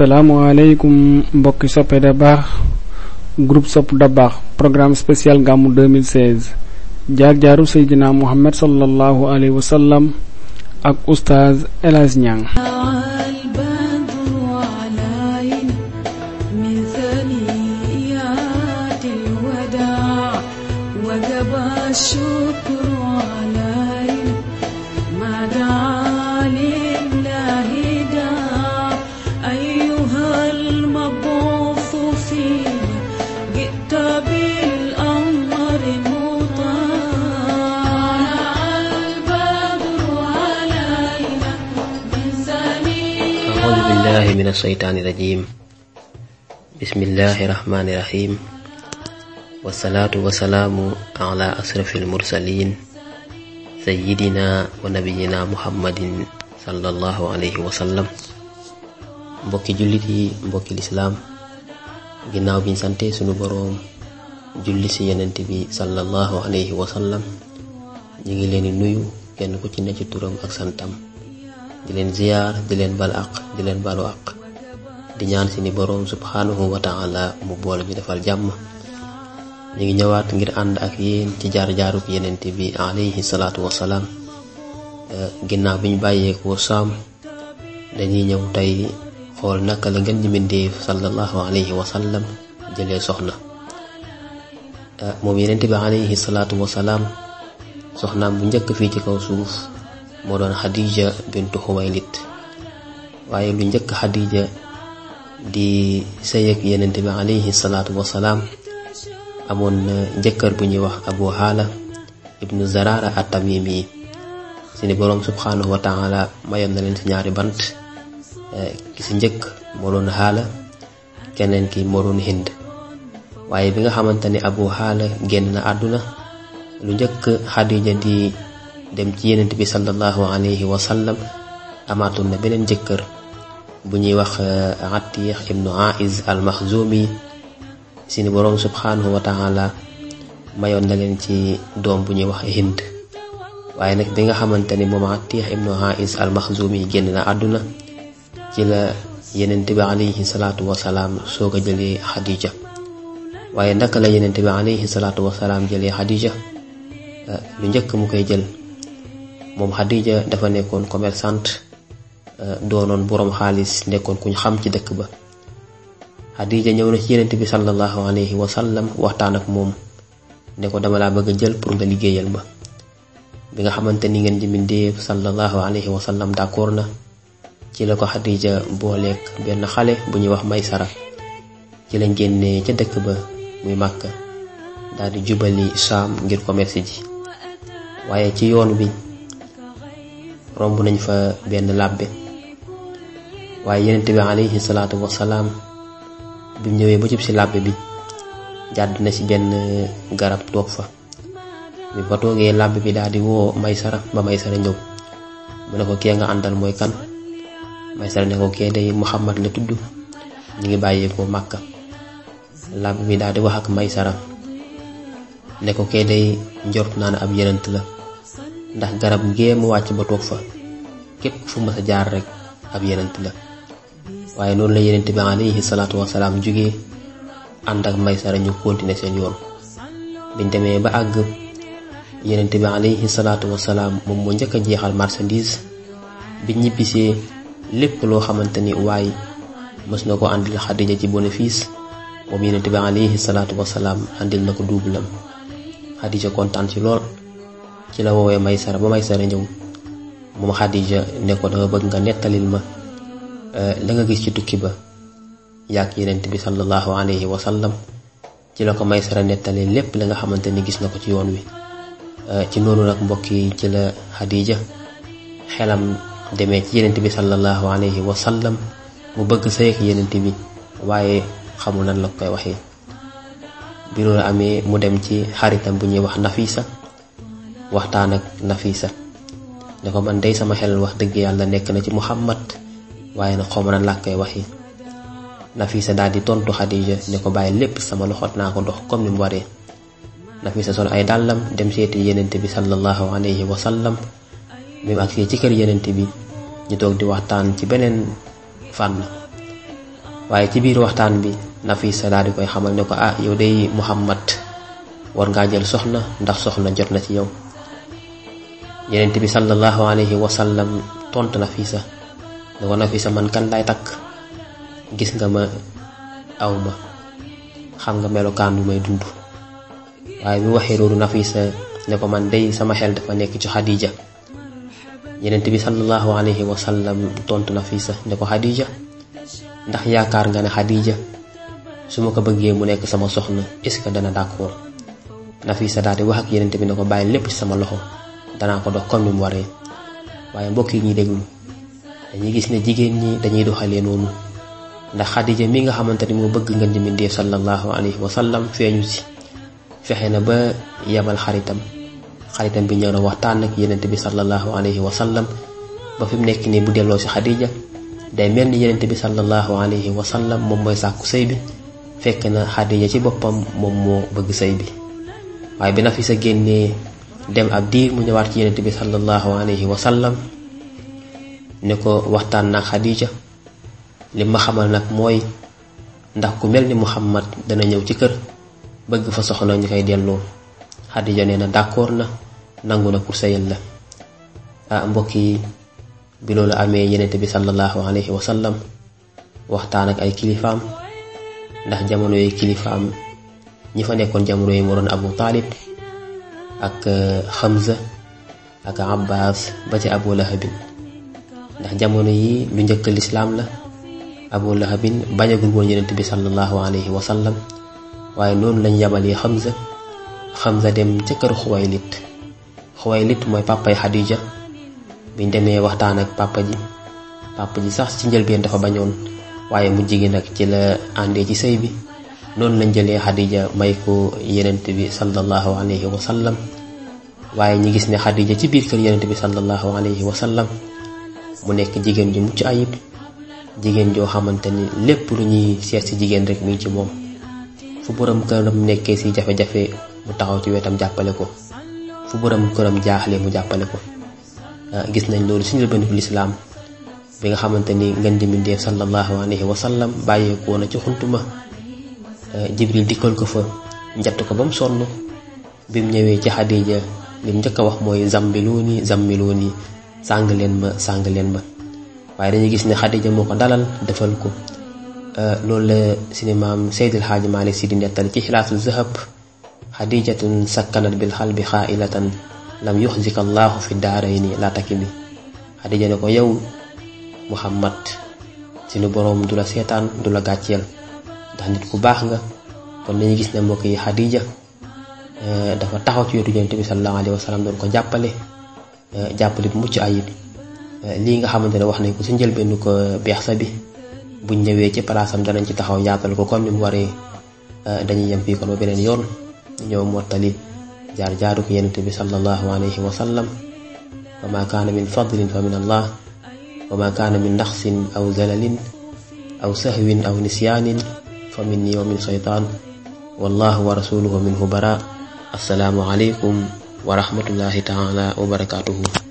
asalaamualeykum mbokki soppe da baax group sopp da baax programme spécial gàmmu 2016 jaar-jaaru seydina muhammad sallallahu alayhi wa sallam ak oustaz El Hadj Niang المبعوث فيه جئت بالأمر المطاع البدر علينا من زميل أعوذ بالله من الشيطان الرجيم بسم الله الرحمن الرحيم والصلاة والسلام على أشرف المرسلين سيدنا ونبينا محمد صلى الله عليه وسلم mbokki jullit yi mbokki lislaam ginnaaw biñ sante sunu boroom julli ci yenent bi sallallahu alayhi wa sallam ñu ngi leen di nuyu kenn ku ci nekk ci turam ak santam di leen ziyaar di leen bal di leen balu aq di ñaan si ni boroom subhanahu wa mu boole ñu defal jàmm ñu ngi ñëwaat ngir ànd ak yéen ci jaar-jaaruk yenent bi alayhi salaatu wasalaam eh, ginnaaw bi ñu bàyyeekoo saam dañuy ñëw tey xool naka la ngeen ñu mbindeef sallallahu alayhi wa sallam jëlee soxna ah, moom yenent bi alayhi salaatu wa salaam soxnaam bu njëkk fii ci kaw suuf moo doon Xadija bintu Xuwaylid waaye lu njëkk Xadija di sëy ak yenent bi alayhi salaatu wa salaam amoon na jëkkër bu ñuy wax Abu Haala ibnu Zaraara at-Tamimi yi si ni boroom subxaanahu wa taala mayoon na leen si ñaari bant ki si njëkk moo doon xaala keneen ki moo doon hind waaye bi nga xamante ni abu xaala génn na àdduna lu njëkk xadija di dem ci yenent bi sallallahu alayhi wa sallam amaatoon na beneen jëkkër bu ñuy wax uh, atiix ibnu aiz al maxzumi sini boroom subhanahu wa mayoon na leen ci doom bu ñuy wax hind waaye nag bi nga xamante ni moom atiix ibnu aiz al maxzumi génn na àdduna ci la yenent bi alayhi salaatu wasalaam soo ko jëlee xadija waaye naka la yenent bi alayhi salaatu wasalaam jëlee xadija lu njëkk mu koy jël moom xadija dafa nekkoon commerçante doonoon boroom xaalis nekkoon kuñ xam ci dëkk ba xadija ñëw na ci yenent bi sallallahu alayhi wa sallam waxtaan ak moom ne ko dama laa bëgg a jël pour nga liggéeyal ma bi nga xamante ni ngeen ji mbindéef sallallahu alayhi wa sallam d'accord na ci la ko Xadija booleek benn xale bu ñuy wax sara ci lañ génnee ca dëkk ba muy Màkka daldi jubali Saam ngir commerce ji waaye ci yoon bi romb nañ fa benn làbbe waaye yenent bi alayhi salaatu wasalaam bi mu ñëwee ba jub si làbbe bi jàdd na ci benn garab toog fa bi fa toogee làbbe bi daldi woo Maysara ba Maysara ñëw mu ne ko kee nga àndal mooy kan Maysara ne ko kee day Muhammad la tudd ñu ngi bàyyeekoo Màkka làbb bi daal di wax ak Maysara ne ko kee day njort naa ne ab yenant la ndax garab gee mu wàcc ba toog fa képp fu mës a jaar rek ab yeneent la waaye loolu la yenent bi alayhi salaatu wasalaam jóge ànd ak Maysara ñu continuer seen yoon biñ demee ba àgg yenent bi alayhi salaatu wasalaam moom moo njëkk a jeexal marsandiis bi ñibbisee lépp loo xamante ni waay mës na ko àndil xadija ci bénéfice moom yonent bi alayhi salaatu wasalaam àndil na ko duubulam xadija kontaan ci lool ci la woowee Maysara ba Maysara ñëw moom xadija ne ko dama bëgg nga nettalil ma euh, la nga gis ci tukki ba yàgg yonent bi sallallahu alayhi wa sallam ci la ko Maysara nettali lépp la nga xamante ni gis na ko ci yoon wi euh, ci noonu nag mbokk yi ci la xadija xelam demee ci yenent bi sallallahu alayhi wa sallam mu bëgg sëy ak yenent bi waaye xamul nan la koy waxee bi amee mu dem ci xaritam bu ñuy wax Nafisa waxtaan ak Nafisa ne ko man dey sama xel wax dëgg yàlla nekk na ci Muhammad waaye nag xaw ma nan la koy waxee Nafisa daal di tontu Xadija ne ko bàyyi lépp sama loxoot naa ko dox comme ni mu waree Nafisa sol ay dàllam dem seeti yenent bi sallallahu alayhi wa sallam bi ak agsee ci kër yenent bi ñu toog di waxtaan ci beneen fànn waaye ci biir waxtaan bi Nafisa daal di koy xamal ne ko ah yow day Muhammad war ngaa jël soxna ndax soxna jot na ci yow yenent bi sallallahu alayhi wa sallam tont Nafisa ne ko Nafisa man kan lay takk gis nga ma awma xam nga melokaan bu may dund waaye bi waxee loolu Nafisa ne ko man day sama xel dafa nekk ci Xadija yenent bi sallallahu alayhi wa sallam tontu Nafisa ne ko Xadija ndax yaakaar nga ne Xadija su ma ko bëggee mu nekk sama soxna est ce que dana d'accord Nafisa daal di wax ak yenent bi ne ko bàyyi lépp ci sama loxo dana ko dox comme ni mu waree waaye mbokk yi ñuy déglu dañuy gis ne jigéen ñi dañuy doxalee noonu ndax Xadija mi nga xamante ni moo bëgg ngeen di mbindeef sallallahu alayhi wa sallam feeñu ci fexe na ba yabal xaritam. xaritam bi ñëw na waxtaan ak yenent bi sallallahu alayhi wa sallam ba fi mu nekk nii bu delloo si Xadija day mel ni yenent bi sallallahu alayhi wa sallam moom mooy sàkku sëy bi fekk na Xadija ci boppam moom moo bëgg sëy bi waaye bi Nafisa génnee dem ab diir mu ñëwaat ci yenent bi sallallahu alayhi wa sallam ne ko waxtaan naa Xadija li ma xamal nag mooy ndax ku mel ni Muhammad dana ñëw ci kër bëgg fa soxna ñu koy delloo Xadija nee na d'accord na nangu na pour sëyal la ah mbokk yi bi loolu amee yenente bi sallallahu alayhi wa sallam waxtaan ak ay kilifaam ndax jamono yi kilifaam ñi fa nekkoon jamono yi moo doon Abu Taalib ak eh, Hamza ak Abbas ba ci Abu Lahabin ndax jamono yii lu njëkk lislaam la Abu Lahabin bañagul woon yenente bi sallallahu alayhi wa waaye noonu lañ yabalee Hamza Xamza dem ca kër Xuwaylit Xuwaylit mooy pàppay Xadija biñ demee waxtaan ak pàppa ji pàppa ji sax ci njëlbeen dafa bañoon waaye mu jigéen nag ci la àndee ci sëy bi noonu lañ jëlee Xadija may ko yenent bi sallallahu alayhi wa sallam waaye ñi gis ne Xadija ci biir kër yenent bi sallallahu alayhi wa sallam mu nekk jigéen ji mucc ayib jigéen joo xamante ni lépp lu ñuy seet si jigéen rek mu ngi ci moom fu borom këram nekkee si jafe-jafe mu taxaw ci wetam jàppale ko fu borom këram jaaxle mu jàppale ko ah, gis nañ loolu si njëlbéenu lislaam bi nga xamante ni ngën di mbindeef sallallahu alayhi wa sallam bàyyeekoo ma ci xuntuma ah, jibril dikkal ko fa njett ko ba mu sonn bi ñëwee ci xadija li mu njëkk a wax mooy zambilooni zambilooni sàng leen ma sàng leen ma waaye dañuy gis ne xadija moo ko dalal defal ko ah, loolu la sinimaam Seydil Xaaji Maalik Si di nettali ci xilaasu zahab xadijatun sakkanat bil xalbi xaailatan lam yuxzika allahu fi daarayni la takimi xadija ne ko yow muhammad sunu boroom du la seetaan du la gàcceel ndax nit ku baax nga kon nañu gis ne mbokk yi xadija eh, dafa taxaw ci wetu yonent bi sallallahu alayhi wa sallam doon ko jàppale eh, jàppale bu mucc ayib eh, lii nga xamante ne wax nañ ko si njëlbeenu ko beex sa bi buñ ñëwee ci palaasam danañ ci taxaw yaatal ko comme ni mu waree dañuy yem fii kon ba beneen yoon ñëw mottali jaar jaaru ko yonent bi sallallahu alayhi wa sallam wa ma kaana min fadlin fa min allah wa ma kaana min naxsin aw zalalin aw sahwin aw nisyaanin fa minni wa min shaytaan wallahu wa rasuluhu minhu bara assalaamu aleykum wa rahmatullahi taala wa barakatuhu